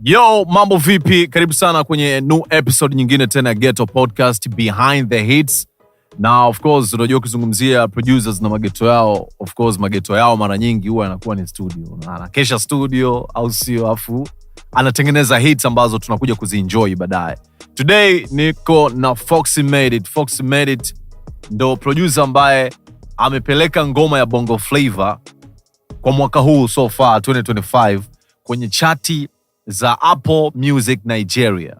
Yo, mambo vipi? Karibu sana kwenye new episode nyingine tena ya Ghetto Podcast Behind the Hits. Na of course unajua ukizungumzia producers na mageto yao, of course mageto yao mara nyingi huwa yanakuwa ni studio, na anakesha studio au sio, afu anatengeneza hits ambazo tunakuja kuzienjoy baadaye. Today niko na Foxy Made It. Foxy Made It ndo producer ambaye amepeleka ngoma ya Bongo Flava kwa mwaka huu so far 2025 kwenye chati za Apple Music Nigeria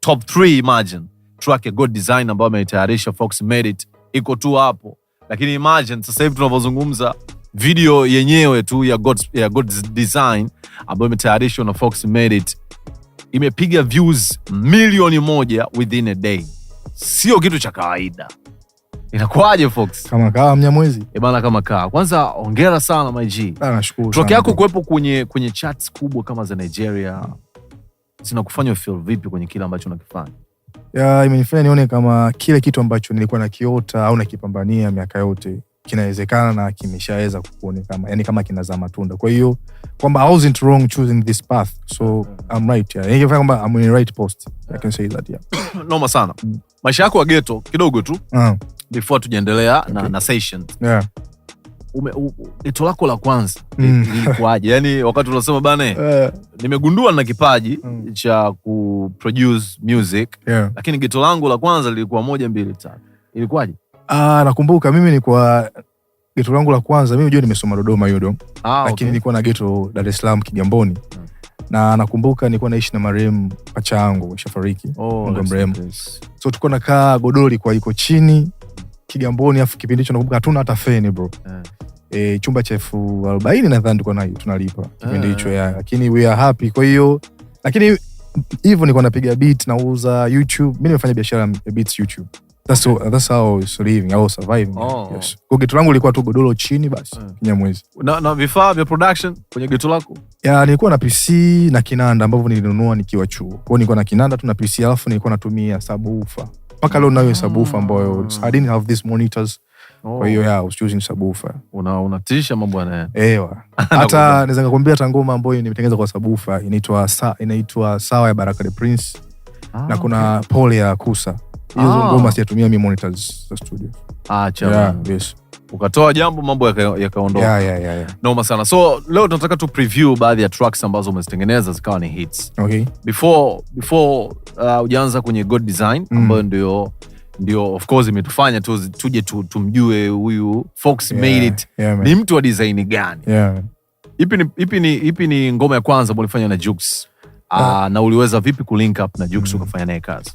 top 3. Imagine track ya God Design ambayo ameitayarisha Fox Merit iko tu hapo, lakini imagine sasa hivi tunavyozungumza video yenyewe tu ya God, ya God Design ambayo imetayarishwa na Fox Merit imepiga views milioni moja within a day, sio kitu cha kawaida. Inakuaje Fox? Kama kaa Mnyamwezi. E eh, bana kama kaa. Kwanza hongera sana my G. Ah, nashukuru. Track yako kuwepo kwenye kwenye charts kubwa kama za Nigeria. zinakufanya mm. feel vipi kwenye kile ambacho unakifanya? Ya imenifanya nione kama kile kitu ambacho nilikuwa nakiota au nakipambania miaka yote kinawezekana na kimeshaweza kuonekana, yani kama kinazaa matunda. Kwa hiyo kwamba I wasn't wrong choosing this path. So mm-hmm. I'm right. Yeah. Nikifanya kwamba I'm in the right post. I can say that yeah. Noma sana. Mm. Maisha yako ya ghetto kidogo tu. Uh ah. -huh before tujaendelea okay. na, na session yeah. Ume, u, eto lako la kwanza mm. Yani wakati unasema bana yeah. nimegundua na kipaji mm. cha kuproduce music yeah. lakini geto langu la kwanza lilikuwa moja mbili tatu, ilikuwaje? Ah, nakumbuka mimi ni kwa geto langu la kwanza mimi ujua nimesoma Dodoma hiyo yudo ah, lakini okay. nilikuwa na geto Dar es Salaam Kigamboni mm. na nakumbuka nilikuwa naishi na marehemu pacha yangu shafariki, oh, marehemu so tulikuwa nakaa godori kwa iko chini Kigamboni, afu kipindi hicho nakumbuka hatuna hata feni bro yeah. E, chumba cha elfu arobaini nadhani tulikuwa nayo tunalipa kipindi hicho eh. yeah. ya lakini we are happy. Kwa hiyo lakini hivyo nilikuwa napiga beat nauza YouTube, mi nimefanya biashara ya beats YouTube. That's, okay. that's how it's living, how surviving. Oh. Yes. Kwa geto langu lilikuwa tu godoro chini basi yeah. Kinyamwezi. Na, na vifaa vya production kwenye geto lako? Ya, nilikuwa na PC na kinanda ambavyo nilinunua nikiwa chuo. Kwa hiyo nilikuwa na kinanda tu na PC alafu nilikuwa natumia subwoofer mpaka leo nayo sabufa ambayo I didn't have these monitors Kwa hiyo oh. ya usijuzi sabufa una, unatisha mambo yana ewa hata naweza nikakwambia hata ngoma ambayo nimetengeneza kwa sabufa inaitwa sa, inaitwa sawa ya Baraka the Prince ah, na kuna okay. pole ya kusa hizo ah. ngoma sijatumia mi monitors za studio ah, yeah, yes ukatoa jambo mambo yakaondoka yaka yeah, yeah, yeah. Noma sana. So leo tunataka tu preview baadhi ya tracks ambazo umezitengeneza zikawa ni hits. Okay. Before before uh, ujaanza kwenye God Design mm. ambayo ndio ndio of course imetufanya tu, tuje tu, tumjue huyu Fox yeah, made it yeah, ni mtu wa design gani? Yeah. Ipi ni, ipi ni, ipi ni ngoma ya kwanza ambayo ulifanya na Jux? uh, Uh, na uliweza vipi kulink up na Jux mm. ukafanya naye kazi?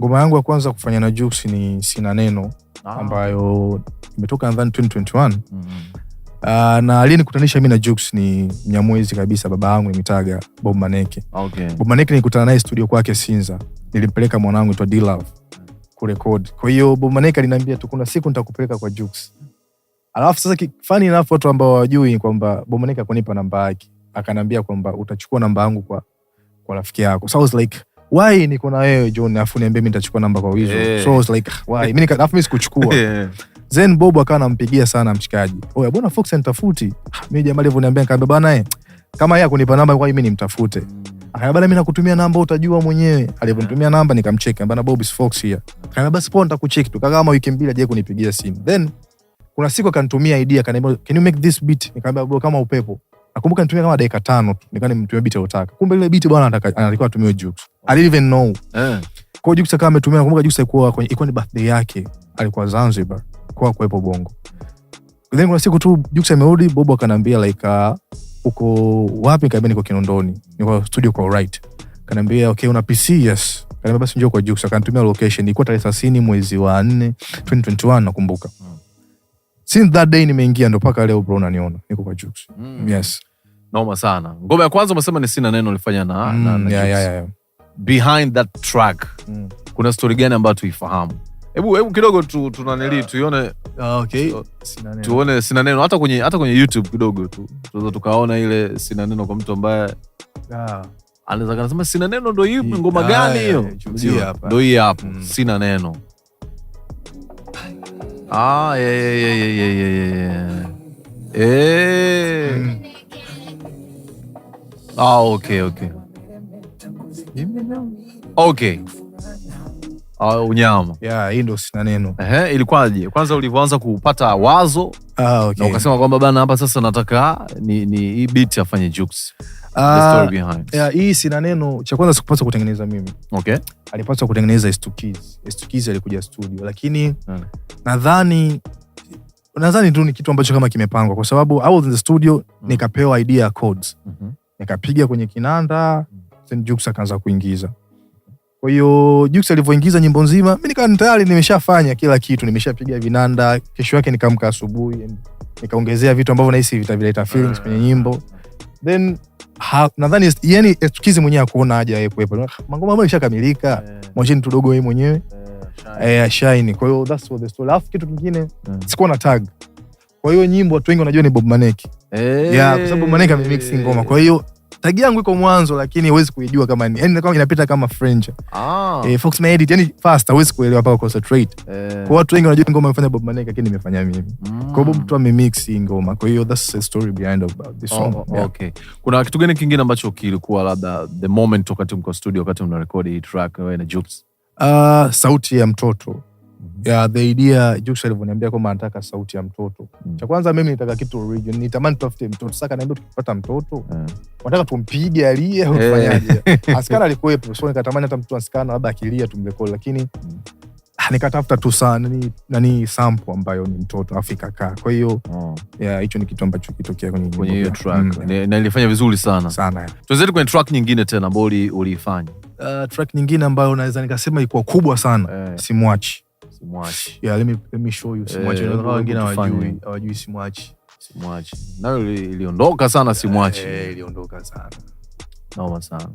Ngoma yangu ya kwanza kufanya na Jux ni sina neno Ah. ambayo imetoka nadhani 2021 mm. Uh, na aliyenikutanisha mi na Jux ni Mnyamwezi kabisa, baba yangu Mitaga, Bob Maneke. Okay. Bob Maneke nikutana naye studio kwake Sinza, nilimpeleka mwanangu itwa D-Love kurekodi. Kwa hiyo Bob Maneke aliniambia tu kuna siku nitakupeleka kwa Jux. Alafu sasa fani nafu watu ambao wajui kwamba Bob Maneke akanipa namba yake, akanaambia kwamba utachukua namba yangu kwa kwa rafiki yako. So like why niko na wewe John, afu niambie mimi nitachukua namba kwa wizo yeah. So I like why mimi nika mimi sikuchukua yeah. Then Bob akawa anampigia sana mshikaji, oya bwana Fox anitafuti ah, mimi, jamaa alivyoniambia nikamwambia bwana eh, kama yeye akunipa namba kwa mimi nimtafute. Akaniambia ah, mimi nakutumia namba utajua mwenyewe. Alivyonitumia namba nikamcheki, bwana Bob is Fox here. Akaniambia basi poa, nitakucheki tu kama wiki mbili aje kunipigia simu. Then kuna siku akanitumia idea, akaniambia can you make this beat? Nikamwambia bro, kama upepo Nakumbuka nitumia kama dakika tano tu, nimtumia biti Kumbe ile biti bwana anatakiwa I didn't even know. Eh. Kwa akawa ametumia, nakumbuka alikuwa ni birthday yake, alikuwa Zanzibar, kwa kuwepo Bongo. Then kuna siku tu amerudi, Bobo like uh, uko wapi? niko Kinondoni, niko studio kwa right. okay, una PC? Yes. basi njoo kwa akanitumia location. Ilikuwa tarehe mwezi wa nne 2021 nakumbuka. Since that day nimeingia ndo mpaka leo bro, niko kwa Mm. Yes noma sana. Ngoma ya kwanza umesema ni sina neno ulifanya na, mm, na, na yeah, yeah, yeah. Behind that track mm. kuna stori gani ambayo tuifahamu? Hebu hebu kidogo tu, tunanili yeah. tuione uh, okay. tu, Tuone sina neno hata kwenye, hata kwenye YouTube kidogo tu tunaweza tukaona ile sina neno kwa mtu ambaye yeah. anaweza kanasema sina neno ndo hii ngoma gani hiyo? Ndo hii hapo mm. sina neno ah, yeah, yeah, yeah, yeah, yeah. Hey. Eh. Mm. Ah, okay, okay. Okay. Ah, unyama. Yeah, hii ndio sina neno. Ehe, ilikuwaje? Kwanza ulivyoanza kupata wazo ah, okay. Na ukasema kwamba bana hapa sasa nataka ni ni hii beat afanye Jux. Ah, the story behind. Yeah, hii sina neno. Cha kwanza sikupaswa kutengeneza mimi. Okay. Alipaswa kutengeneza Stukiz. Stukiz alikuja studio lakini hmm. Nadhani nadhani tu ni kitu ambacho kama kimepangwa kwa sababu I was in the studio -hmm. Nikapewa idea ya chords. Mm -hmm nikapiga kwenye kinanda, mm. then Jux akaanza kuingiza. Kwa hiyo Jux alivyoingiza nyimbo nzima, mimi nikawa tayari nimeshafanya kila kitu, nimeshapiga vinanda. Kesho yake nikaamka asubuhi, nikaongezea vitu ambavyo nahisi vitavileta feelings kwenye nyimbo, then nadhani yani Eskizi mwenyewe akuona haja yeye kuwepo, mangoma ambayo ishakamilika, eh. mwacheni tudogo yeye mwenyewe eh, eh, shine. Kwa hiyo that's what the story. Alafu kitu kingine eh. sikuwa na tag kwa hiyo nyimbo watu wengi wanajua ni Bob Maneki. Eh. Yeah, kwa sababu Maneki amemix ngoma. Kwa hiyo tagi yangu iko mwanzo lakini huwezi kuijua kama ni. Yaani inapita kama French. Ah. Eh, Fox my edit, yani fast huwezi kuelewa paka concentrate. Eh. Kwa watu wengi wanajua ngoma imefanya Bob Maneki lakini nimefanya mimi. Mm. Kwa sababu mtu amemix ngoma. Kwa hiyo that's the story behind of this oh, song. Oh, oh, yeah. Okay. Kuna kitu gani kingine ambacho kilikuwa labda the moment wakati mko studio wakati mnarekodi hii track wewe na Jux? Uh, ah, sauti ya mtoto ya the idea Jux alivyoniambia kwamba anataka sauti ya mtoto mm. Cha kwanza mimi nitaka kitu nitamani tutafute mtoto. tukipata mtoto hmm. nataka tumpige alie au eh. Askana alikuwepo, so nikatamani hata mtoto askana labda akilia tumrekodi, lakini mm. Nikatafuta tu nani, nani sample ambayo ni mtoto Afrika kaa. Kwa hiyo hmm. hicho ni kitu ambacho kitokea kwenye hiyo track hmm. na ilifanya vizuri sana sana. Tuanze kwenye track nyingine tena ambayo uliifanya, uh, track nyingine ambayo naweza nikasema ilikuwa kubwa sana, eh. simwachi simwachi. Eh, simwachi. simwachi. Nayo iliondoka sana simwachi. Eh, iliondoka sana. Noma sana.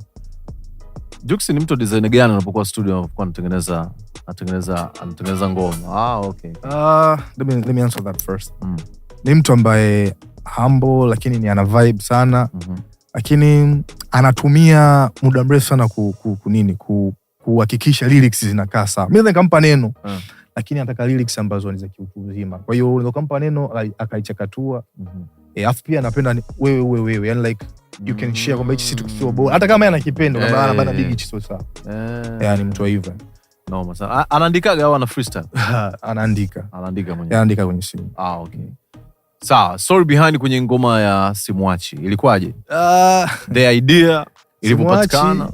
ni mtu design gani anapokuwa studio anapokuwa anatengeneza anatengeneza anatengeneza ngoma? Ah, okay. uh, let me let me answer that first. Mm. Ni mtu ambaye humble lakini ni ana vibe sana. Mm -hmm. Lakini anatumia muda mrefu sana ku, ku, ku nini ku kuhakikisha lyrics zinakaa sawa. Mimi nikampa neno hmm. lakini nataka lyrics ambazo ni za kiuzima. Kwa hiyo unaweza neno akaichakatua. mm -hmm. E, afu pia wewe wewe, yani like you can share kwamba hichi bora, hata kama anakipenda eh. bana big hichi sio sawa, eh. yani mtu hivyo noma sana. Anaandikaga au ana freestyle? Anaandika, anaandika mwenyewe, anaandika kwenye simu. Ah, okay. Sawa, story behind kwenye ngoma ya Simwachi ilikuwaje? Uh, the idea ilipopatikana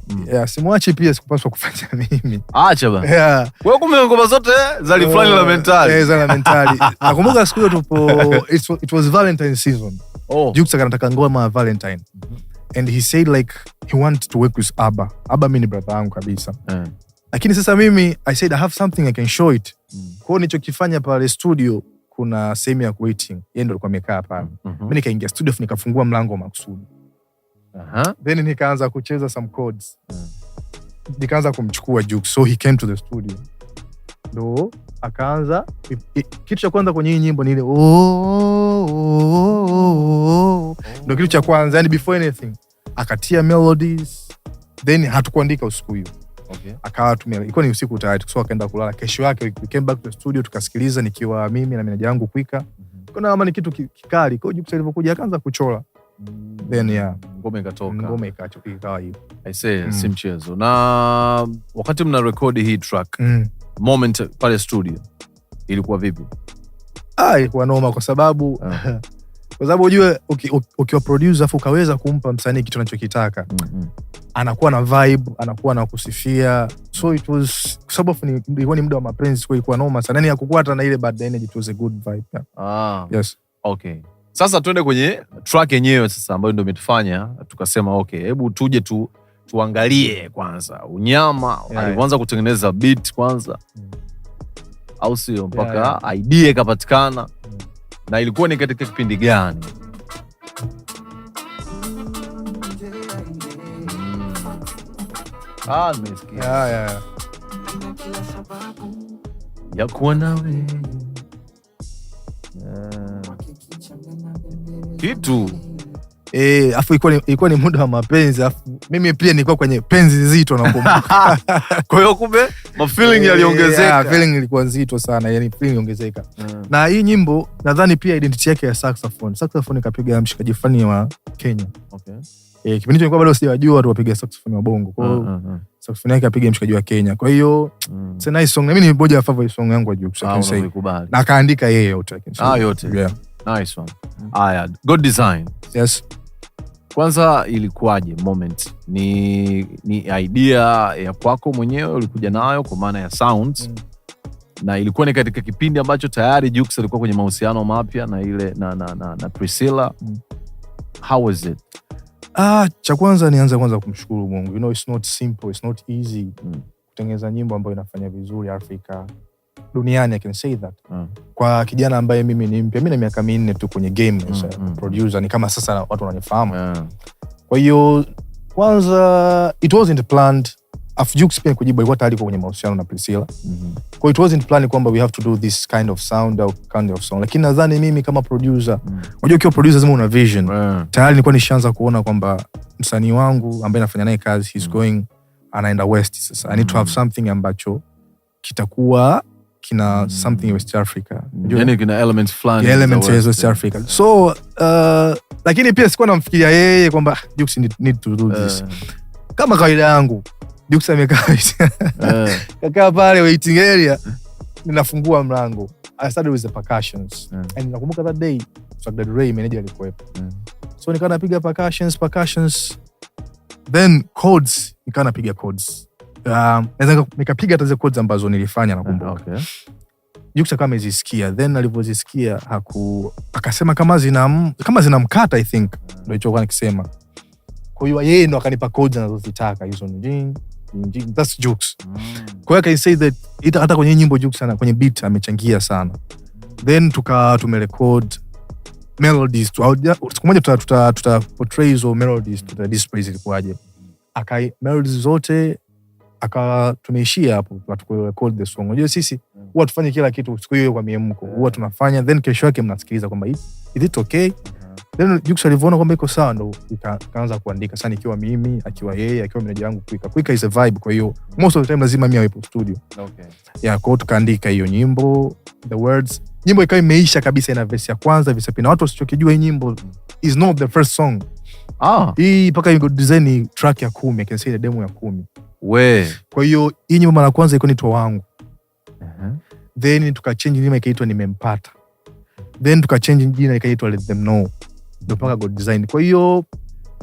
pia sikupaswa kufanya mimi. Acha bana. Yeah. kumbe ngoma zote za refrain la mentali. Eh, za mentali. Nakumbuka siku hiyo tupo it was Valentine season. Oh. Jukes anataka ngoma Valentine. Mhm. And he said like he wanted to work with aba aba mi ni bratha yangu kabisa. Eh. Lakini sasa mimi I said I have something I can show it. Mm. Kwa hiyo nilichokifanya pale studio kuna sehemu ya waiting. Yeye ndo alikuwa amekaa pale. Mm-hmm. mi nikaingia studio fu nikafungua mlango wa makusudi. -huh. Then nikaanza kucheza some chords uh Nikaanza kumchukua Jux, so he came to the studio ndo akaanza kitu cha kwanza kwenye hii nyimbo ni ile oh, oh, oh, oh, oh. Ndo kitu cha kwanza yani, before anything akatia melodies, then hatukuandika usiku hiyo okay. Akawa tumia ilikuwa ni usiku tayari, so akaenda kulala. Kesho yake we came back to the studio tukasikiliza, nikiwa mimi na meneja yangu Kwika, tukaona mm-hmm. kama ni kitu kikali. Kwa hiyo Jux alivyokuja akaanza kuchora ngoma ikawa hiyo. Mm. si mchezo. Na wakati mna rekodi hii track mm. moment pale studio ilikuwa vipi? Ah, ilikuwa noma kwa sababu ah. kwa sababu ujue ukiwa uki afu ukaweza kumpa msanii kitu anachokitaka mm -hmm. anakuwa na vibe, anakuwa na kusifia, so it was kwa sababu ilikuwa ni muda wa mapenzi, kwa ilikuwa noma sana, yani akukuwa hata na ile bad energy, it was a good vibe yeah. ah. yes. okay sasa tuende kwenye track yenyewe sasa, ambayo ndio imetufanya tukasema okay, hebu tuje tu tuangalie kwanza unyama yeah, alivyoanza yeah. kutengeneza beat kwanza mm. au sio, mpaka yeah, yeah. idea ikapatikana mm. na ilikuwa ni katika kipindi gani? Mm. Ah, ya kuwa nawe kitu e, afu ilikuwa ni, ni muda wa mapenzi, afu mimi pia nilikuwa kwenye penzi zito nakumbuka. Kwa hiyo kumbe ma eh, yaliongezeka yeah, feeling ilikuwa nzito sana, yani feeling iliongezeka. Mm. Na hii nyimbo nadhani pia identity yake ya saxophone, saxophone ikapiga mshikaji fulani wa Kenya, okay eh, kipindi hicho nilikuwa bado sijawajua tu wapiga saxophone wa Bongo, kwa hiyo uh, uh, uh saksofoni yake apiga mshikaji wa Kenya. Kwa hiyo mm. it's a nice song. Na mimi ni moja ya favorite song yangu wa juu kusema ah, kweli. Na akaandika yeye yote. Ah, yote. Yeah. Nice one. Mm. Good Design. Yes. Kwanza ilikuwaje moment? Ni, ni idea ya kwako mwenyewe ulikuja nayo kwa maana ya sound mm. na ilikuwa ni katika kipindi ambacho tayari Jux alikuwa kwenye mahusiano mapya na ile na, na, na, na Priscilla mm. How was it? Ah, cha kwanza nianza kwanza kumshukuru Mungu. You know, it's not simple, it's not easy mm. kutengeneza nyimbo ambayo inafanya vizuri Afrika duniani I can say that mm. kwa kijana ambaye mimi ni mpya, mi na miaka minne tu kwenye game mm, mm. producer ni kama sasa watu wananifahamu yeah. kwa hiyo kwanza it wasn't planned Af pia kujibu alikuwa tayari kwenye mahusiano na Priscilla. Mm -hmm. it wasn't plan kwamba we have to do this kind of sound au kind of song. Lakini nadhani mimi kama producer, mm. unajua ukiwa producer lazima una vision. Yeah. Tayari nilikuwa nishaanza kuona kwamba msanii wangu ambaye nafanya naye kazi he's mm. going anaenda west sasa. I need to have mm. something ambacho kitakuwa kina hmm. something West Africa, yani kina elements fulani elements ya West Africa. So uh, lakini pia sikuwa namfikiria yeye kwamba Jux need to do this. Eh. Kama kawaida yangu Jux amekaa kakaa eh. pale waiting area, ninafungua mlango. I started with the percussions eh. and nakumbuka that day Sagdad Ray manager alikuwepo, so nikawa napiga percussions percussions, then codes nikawa napiga chords Um, nikapiga hata zile ambazo nilifanya nakumbuka. Ah, okay. Juksa kama amezisikia then alivyozisikia akasema kama zina kama zinamkata I think ndo hicho kwa nikisema. Kwa yeye ndo akanipa kodi anazozitaka hizo ni that's Jukes. Mm. Kwa hiyo I can hata kwenye nyimbo Jukes sana kwenye bit amechangia sana. Then tuka tumerekod melodies tu. Siku moja tuta tuta, tuta portray hizo melodies tuta display zilikuwaje. Akai melodies zote akawa tumeishia hapo, hatukurecord the song. Unajua sisi mm. huwa tufanye kila kitu siku hiyo kwa miemko, huwa tunafanya then kesho yake mnasikiliza kwamba is it okay then Jux alivyoona kwamba iko sawa, ndo ikaanza kuandika sana, ikiwa mimi, akiwa yeye, akiwa meneja wangu Kwika. Kwika is a vibe, kwa hiyo most of the time lazima mimi awepo studio. Okay. Yeah, kwao tukaandika hiyo nyimbo, the words nyimbo ikawa imeisha kabisa, ina vesi ya kwanza verse ya pili, na watu wasichokijua hii nyimbo is not the first song. Ah. mpaka iko design track ya kumi, I demo ya kumi We. Kwa hiyo hii nyimbo mara kwanza ilikuwa nitwa wangu. Uh-huh. Then tukachange nyimbo ikaitwa nimempata. Then tukachange jina ikaitwa let them know. Ndio mpaka God design. Kwa hiyo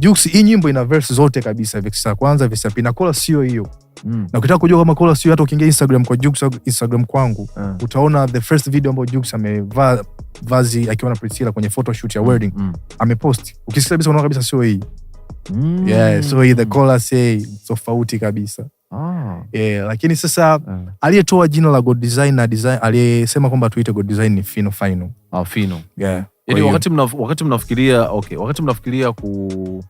Jux hii nyimbo ina verse zote kabisa, verse ya kwanza, verse ya pili na kola sio hiyo. Mm. Na ukitaka kujua kama kola sio, hata ukiingia Instagram kwa Jux au Instagram kwangu, uh, utaona the first video ambayo Jux amevaa vazi akiwa na Priscilla kwenye photoshoot ya mm, wedding. Mm. Amepost. Ukisikia kabisa unaona kabisa sio hii mm. yeah, so the mm. chorus tofauti kabisa ah. yeah, lakini sasa yeah. aliyetoa jina la God Design na design aliyesema kwamba tuite God Design ni Fino fino Ah, Fino. Yeah. Yaani wakati mnaf, wakati mnafikiria okay, wakati mnafikiria ku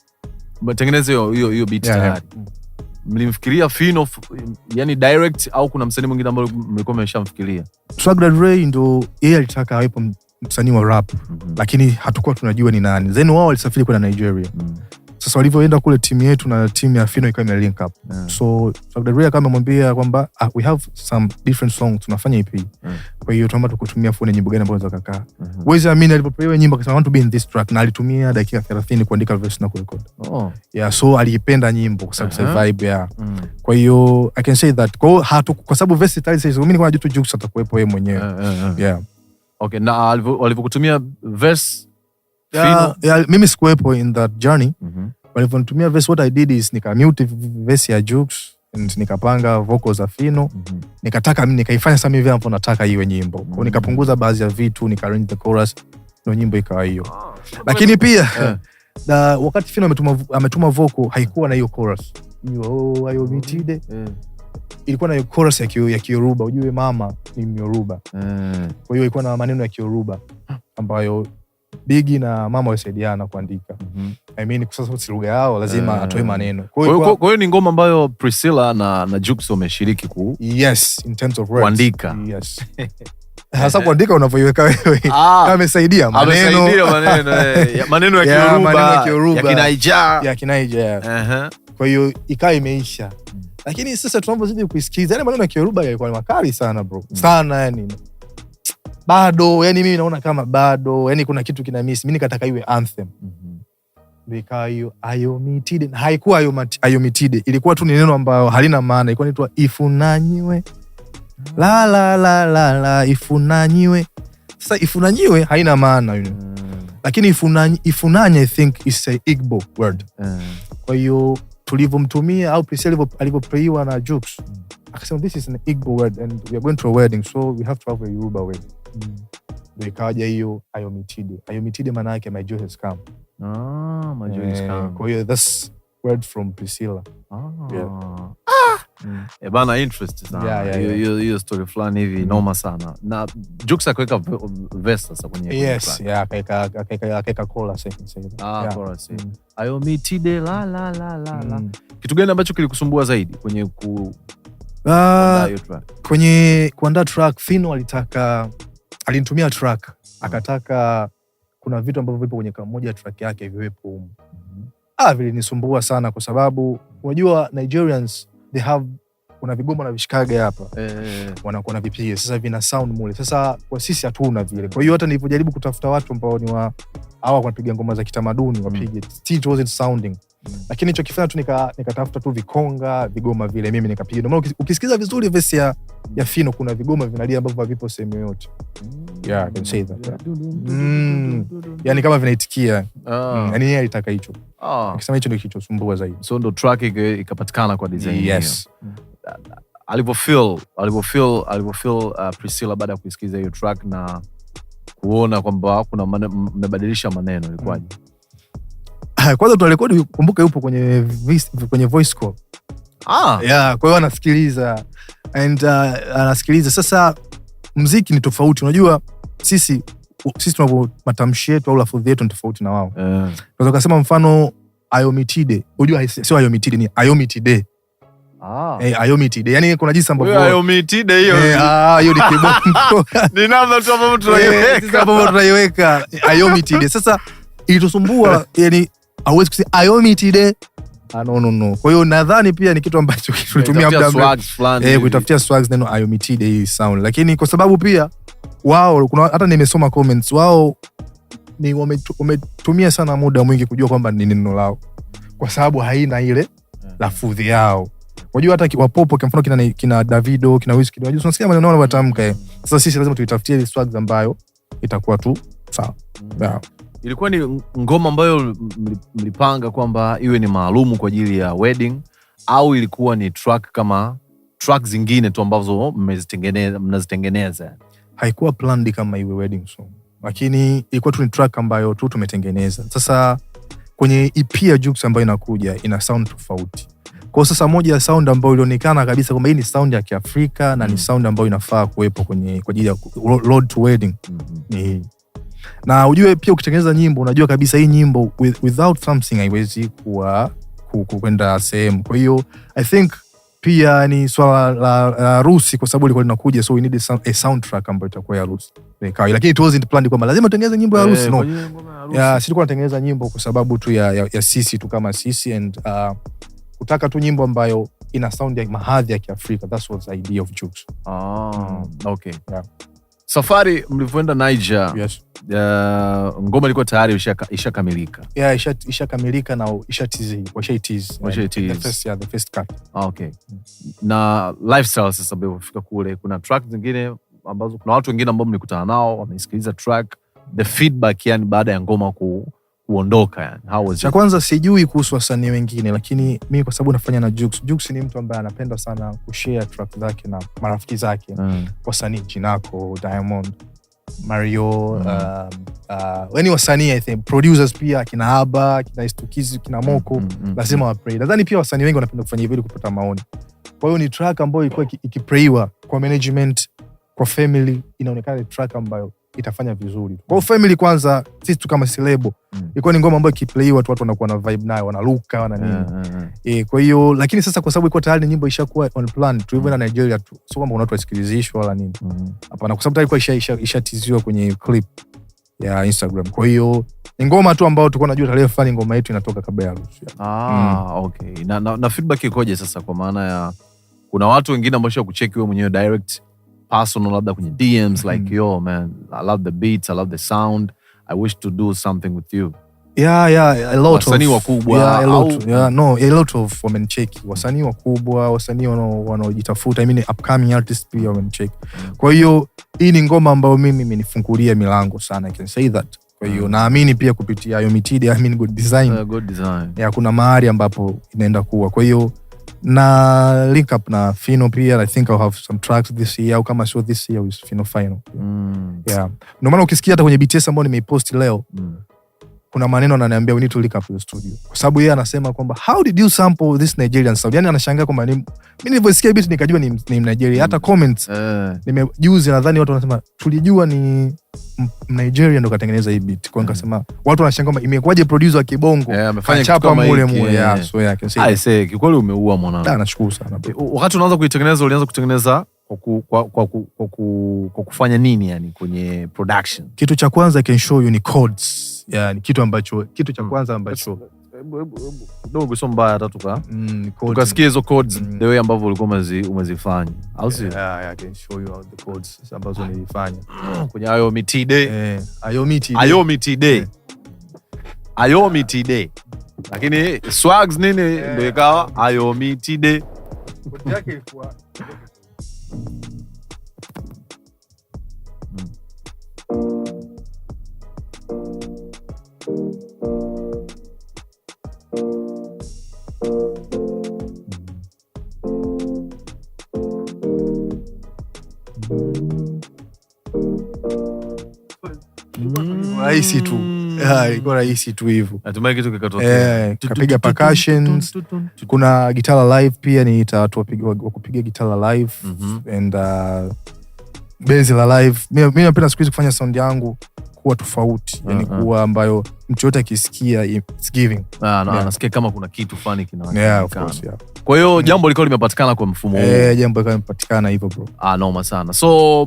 tengeneza hiyo hiyo hiyo beat yeah. yeah. mlimfikiria Fino yani direct au kuna msanii mwingine ambaye mlikuwa mmeshamfikiria? Sugar Ray ndo yeye alitaka awepo msanii wa rap mm -hmm. lakini hatukuwa tunajua ni nani. Then wao walisafiri kwenda Nigeria mm -hmm sasa walivyoenda kule timu yetu na timu ya Fino ikawa ime up. Yeah. So Daria kama amemwambia kwamba ah, we have some different songs tunafanya EP. Yeah. Kwa hiyo tunaomba tukutumia phone nyimbo gani ambazo zakakaa Mm-hmm. Wezi Amini alipopewa hiyo nyimbo akasema I want to be in this track na alitumia dakika thelathini kuandika verse na kurekodi. Oh. Yeah, so aliipenda nyimbo kwa sababu uh-huh. vibe ya. Mm. Kwa hiyo I can say that kwa hatu kwa sababu verse tayari sasa mimi nilikuwa najua tu Jux atakuwepo yeye mwenyewe. Uh, uh, uh. Yeah. Okay, na walivyokutumia verse mimi sikuwepo in that journey mm -hmm. what I did is nikamute verse ya Jux nikapanga vocals za Fino mm -hmm. nikataka mimi nikaifanya sasa hivi hapo nataka iwe nyimbo mm -hmm. nikapunguza baadhi ya vitu nika arrange the chorus ndio nyimbo ikawa hiyo ah, lakini pia yeah. da, wakati Fino ametuma, ametuma vocal haikuwa na hiyo chorus oh, ayomitide yeah mm. eh. ilikuwa na chorus ya, Kioruba. Ujue mama ni Myoruba, eh. kwa hiyo ilikuwa na maneno ya Kioruba ambayo Bigi na Mama wasaidiana kuandika. mm -hmm. I mean, kusasa si lugha yao lazima yeah. atoe maneno. Kwa hiyo kwa ni ngoma ambayo Priscilla na na Jux wameshiriki ku Yes, in terms of words. Kuandika. Yes. Hasa kuandika unavyoiweka wewe. Ah. amesaidia maneno. Amesaidia maneno. Eh, maneno ya Kioruba, ya Kinaija. Ya Kinaija. Uh-huh. Kwa hiyo ikaa imeisha. Lakini sasa tunapozidi kuisikiza, yani maneno ya Kioruba yalikuwa makali sana bro. Mm. Sana yani bado yani, mimi naona kama bado yani kuna kitu kina miss. mi nikataka iwe anthem mm -hmm. hiyo ayomitide. Haikuwa ayomitide, ilikuwa tu ni neno ambayo halina maana, ilikuwa naitwa ifunanyiwe lalalalala ifunanyiwe. Sasa ifunanyiwe haina maana yule mm. Lakini ifunanye, ifunanye I think is a Igbo word mm. Kwa hiyo tulivyomtumia au alivyopreiwa na juks mm. akasema this is an Igbo word and we are going to a wedding so we have to have a Yoruba wedding mm. ikawaja hiyo Ayomitide. Ayomitide maana yake my joy has come. that's word from Priscilla. Ah. Yeah. Ah! Mm. E bana interest sana hiyo yeah, yeah, yeah. story fulani hivi mm. noma sana na Jux akaweka verse sasa mm. mm. kitu gani ambacho kilikusumbua zaidi kwenye ku uh, kwenye kuandaa track Fino alitaka alinitumia track mm-hmm. akataka kuna vitu ambavyo vipo kwenye kamoja moja track yake viwepo humu. Mm-hmm. Ah, vilinisumbua sana kwa sababu unajua Nigerians they have kuna vigoma na vishikaga hapa eh, eh, eh. na vipiga sasa, vina sound mule. Sasa kwa sisi hatuna vile, kwa hiyo hata nilipojaribu kutafuta watu ambao ni wa hawa wanapiga ngoma za kitamaduni wapige, mm. it wasn't sounding mm. lakini nichokifanya tu nikatafuta nika tu vikonga vigoma vile mimi nikapiga. Ndio maana ukisikiza vizuri vesi ya, ya Fino kuna vigoma vinalia ambavyo havipo sehemu yoyote, mm. yeah, yeah. Mm, yani kama vinaitikia ah. yani yeye alitaka hicho ah. Akisema hicho ndio kilichosumbua zaidi, so ndo track ikapatikana kwa design yes. Hiyo alivyofeel alivyofeel alivyofeel uh, Priscilla baada ya kuisikiliza hiyo track na kuona kwamba kuna mmebadilisha mane, maneno ilikuwaje? Mm. Kwanza tunarekodi, kumbuka yupo kwenye kwenye voice call ah. Yeah, kwa hiyo anasikiliza and uh, anasikiliza sasa. Mziki ni tofauti, unajua sisi sisi tunavyo matamshi yetu au lafudhi yetu ni tofauti na wao yeah. Kasema mfano ayomitide, unajua sio ayomitide, ni ayomitide Ah. Eh, Ayomitide. Yaani kuna jinsi hiyo. Eh, ah, hiyo ni kibongo. Ni tu eh, tunaiweka. tunaiweka Ayomitide. Sasa ilitusumbua yani hauwezi kusema Ayomitide. Ah, no no no. Kwa hiyo nadhani pia ni kitu ambacho tulitumia muda mrefu. Eh, kuitafutia swags neno Ayomitide hii sound. Lakini kwa sababu pia wao kuna hata nimesoma comments wao ni wametumia sana muda mwingi kujua kwamba ni neno lao, kwa sababu haina ile lafudhi yao Unajua hata wapopo kwa mfano kina, kina Davido kina Wizkid, unasikia maneno eh. Sasa sisi lazima tuitafutie ile ambayo itakuwa tu sawa. Yeah. Ilikuwa ni ngoma ambayo mlipanga kwamba iwe ni maalumu kwa ajili ya wedding au ilikuwa ni track kama track zingine tu ambazo mmezitengeneza mnazitengeneza? Haikuwa planned kama iwe wedding song, lakini ilikuwa tu ni track ambayo tu tumetengeneza. Sasa kwenye EP ya Jux ambayo inakuja ina sound tofauti kwa sasa, moja ya sound ambayo ilionekana kabisa kwamba hii ni sound ya Kiafrika na ni mm. sound ambayo inafaa kuwepo kwenye kwa ajili ya road to wedding mm-hmm. ni hii. Na ujue pia ukitengeneza nyimbo unajua kabisa hii nyimbo without something haiwezi kuwa kwenda sehemu. Kwa hiyo I think pia ni swala la harusi kwa sababu ilikuwa linakuja, so we need a soundtrack ambayo itakuwa ya harusi. Ah, lakini it wasn't planned kwamba lazima tutengeneze eh, nyimbo ya harusi no. Ya si tulikuwa tunatengeneza nyimbo kwa sababu tu ya, ya, ya sisi tu kama sisi and uh, kutaka tu nyimbo ambayo ina saundi ya mahadhi ya Kiafrika. That's was the idea of Jux. Ah, mm. okay. Yeah. Safari mlivyoenda Niger, yes. Uh, ngoma ilikuwa tayari ishakamilika isha yeah, ishakamilika isha na ishaitiz yeah, the first cut. Ah, okay. Na lifestyle sasa mlivyofika kule, kuna track zingine ambazo kuna watu wengine ambao mlikutana nao wamesikiliza track the feedback, yani baada ya ngoma ku kuondoka yani. How was it? Kwanza sijui kuhusu wasanii wengine, lakini mi kwa sababu nafanya na Jux. Jux ni mtu ambaye anapenda sana kushare track zake na marafiki zake mm. wasanii Jinako, Diamond, Mario mm. uh, uh, yani wasanii I think producers pia kina Aba, kina Istukizi, kina Moko mm, mm, mm, mm. lazima mm. wapray. Nadhani pia wasanii wengi wanapenda kufanya hivyo ili kupata maoni. Kwa hiyo ni track ambayo ilikuwa ikipraiwa kwa management, kwa family, inaonekana ni track ambayo itafanya vizuri. Kwa hiyo family kwanza, sisi tu kama Silebo mm. ilikuwa ni ngoma ambayo ikiplaiwa tu watu wanakuwa na vibe nayo, wanaruka wana nini yeah, yeah, yeah. E, kwa hiyo lakini sasa kwa sababu ilikuwa tayari ni nyimbo ishakuwa on plan, tulivyoenda mm. Nigeria tu, sio kwamba kuna watu wasikilizishwa wala nini mm-hmm. hapana mm. kwa sababu tayari ilikuwa ishatiziwa isha, isha kwenye clip ya Instagram. Kwa hiyo ni ngoma tu ambayo tulikuwa najua tarehe fulani ngoma yetu inatoka kabla ya harusi. Ah, mm. okay. Na, na, na feedback ikoje sasa, kwa maana ya kuna watu wengine ambao kucheki wewe mwenyewe direct personal labda kwenye dms mm. Mm-hmm. yo man i love the beats i love the sound i wish to do something with you wasanii wakubwa of wasanii wakubwa wasanii wanaojitafuta I mean, pia kwa hiyo hii ni ngoma ambayo mimi imenifungulia milango sana can say that mm. naamini pia kupitia yomitidi I mean good design. Uh, good design. Yeah, kuna mahali ambapo inaenda kuwa kwahiyo na link up na Fino pia I think I'll have some tracks this year au kama sio this year is Fino Final. Mm. Yeah. Ndio maana ukisikia hata kwenye BTS ambao nimeipost leo mm kuna maneno ananiambia we need to look up the studio, kwa sababu yeye anasema kwamba how did you sample this Nigerian sound. Yani anashangaa kwamba mimi nilivyosikia beat nikajua ni, ni Nigeria. Hata comments uh. nimejuzi, nadhani watu wanasema tulijua ni Nigeria ndo katengeneza hii beat. Kwa mm. nikasema uh. watu wanashangaa kwamba imekuwaje producer wa kibongo eh, amefanya yeah, chapa mule mule yeah, eh. so yake. Ai say, kikweli umeua mwanangu. Ah, nashukuru sana. Wakati unaanza kuitengeneza ulianza kutengeneza kwa, kufanya nini yani kwenye production? Kitu cha kwanza I can show you ni codes. Yani kitu ambacho kitu cha hmm. kwanza ambacho dogo sio mbaya hata tuka mm, tukasikia hizo codes mm. the way ambavyo ulikuwa umezifanya au sio? Yeah, yeah, I can show you the codes ambazo nilifanya kwenye IOMT day eh, IOMT day IOMT eh. day yeah. IOMT day lakini swags nini yeah. ndio ikawa IOMT day Oui, Ouais, c'est tout. Mm. Ah, ilikuwa rahisi tu hivyo, Kapiga percussions, kuna live pia, niita watu mhm. and uh, bezi la live. napenda kufanya sound yangu kuwa tofauti, yani uh-huh. kuwa ambayo mtu yote akisikia ah, anasikia kama kuna kitu Kwa hiyo mm. jambo limepatikana kwa mfumo huu, eh, jambo likawa limepatikana hivyo bro, ah, noma sana so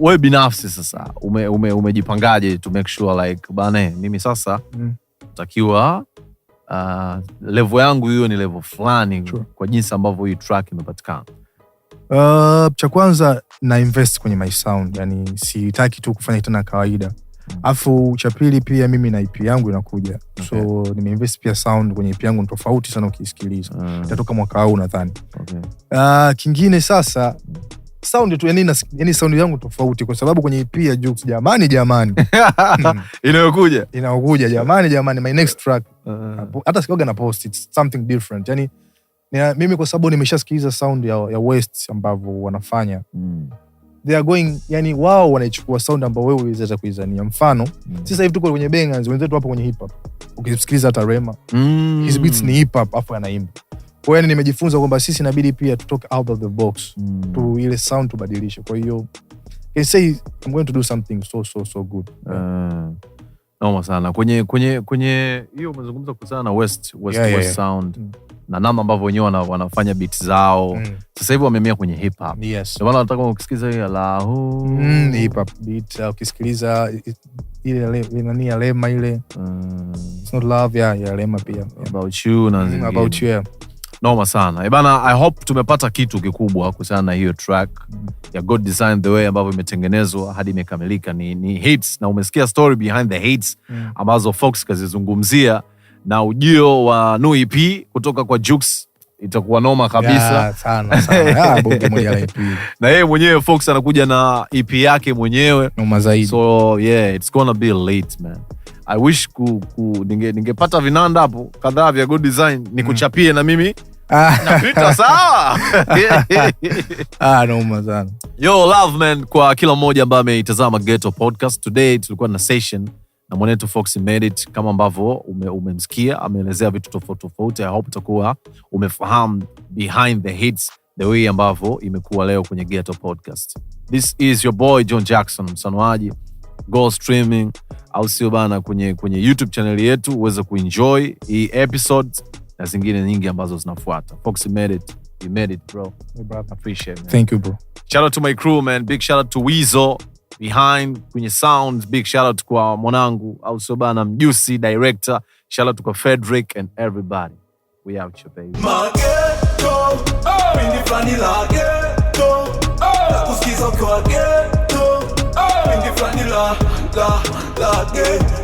wewe binafsi sasa umejipangaje ume, ume, umejipangaje to make sure like bane eh, mimi sasa mm. takiwa uh, ah, levo yangu hiyo ni levo fulani sure. kwa jinsi ambavyo hii track imepatikana. Uh, cha kwanza na invest kwenye my sound, yani sitaki tu kufanya tena kawaida mm. alafu cha pili pia mimi na ip yangu inakuja, okay. So nimeinvest pia sound kwenye ip yangu ni tofauti sana ukiisikiliza, mm. itatoka mwaka huu nadhani, okay. Uh, kingine sasa mm saundi tu yani, yani saundi yangu tofauti, kwa sababu kwenye EP ya Jux, jamani jamani hmm. inayokuja inayokuja, jamani jamani, my next track uh-huh. hata uh. sikoga na post, it's something different yani nina, mimi kwa sababu nimeshasikiliza sound ya, ya West ambavyo wanafanya mm. They are going yani, wao wanaichukua sound ambayo wewe uweza kuizania. Mfano mm. sasa hivi tuko kwenye bangers, wenzetu hapo kwenye hip hop ukisikiliza hata Rema mm. his beats ni hip hop afu anaimba kwani nimejifunza kwamba sisi inabidi pia tutoke out of the box mm. tu ile sound tubadilishe. Kwa hiyo can say I'm going to do something so so so good uh, eh, noma sana kwenye kwenye kwenye hiyo umezungumza kuhusiana na West West, yeah, West yeah. sound mm. na namna ambavyo wenyewe wana, wanafanya beats zao mm. sasa hivi wamemea kwenye hip hop. Yes. Ndio maana nataka ukisikiliza hiyo lao mm, hip hop beat ah, ukisikiliza ile ile nani ya Lema ile mm. it's not love ya, ya Lema pia yeah. about you na mm, about you yeah. Noma sana. E bana, I hope tumepata kitu kikubwa kuhusiana na hiyo track ya God Design, the way ambavyo imetengenezwa hadi imekamilika ni, ni hits na umesikia story behind the hits mm. ambazo Fox kazizungumzia na ujio wa new EP kutoka kwa Jux itakuwa noma kabisa e na yeye mwenyewe Fox anakuja na EP yake mwenyewe So yeah, it's gonna be late man. I wish ku, ku, ningepata ninge vinanda hapo kadhaa vya God Design nikuchapie mm. na mimi Ah, kwa kila mmoja ambaye ameitazama Ghetto Podcast kama ambavyo umemsikia ume ameelezea vitu tofauti tofauti. utakuwa umefahamu behind the hits the way ambavyo imekuwa leo kwenye Ghetto Podcast. This is your boy John Jackson, msanuaji streaming, au sio bana, kwenye, kwenye YouTube chaneli yetu uweze kuenjoy hii episode na zingine nyingi ambazo zinafuata. Fox made it. You made it, bro. Hey, bro. Appreciate it. Thank you, bro. Shout out to my crew, man. Big shout out to Weasel behind kwenye sounds. Big shout out kwa Monangu, au sio bana, Mjusi director. Shout out kwa Frederick and everybody. We out your baby. Mageto,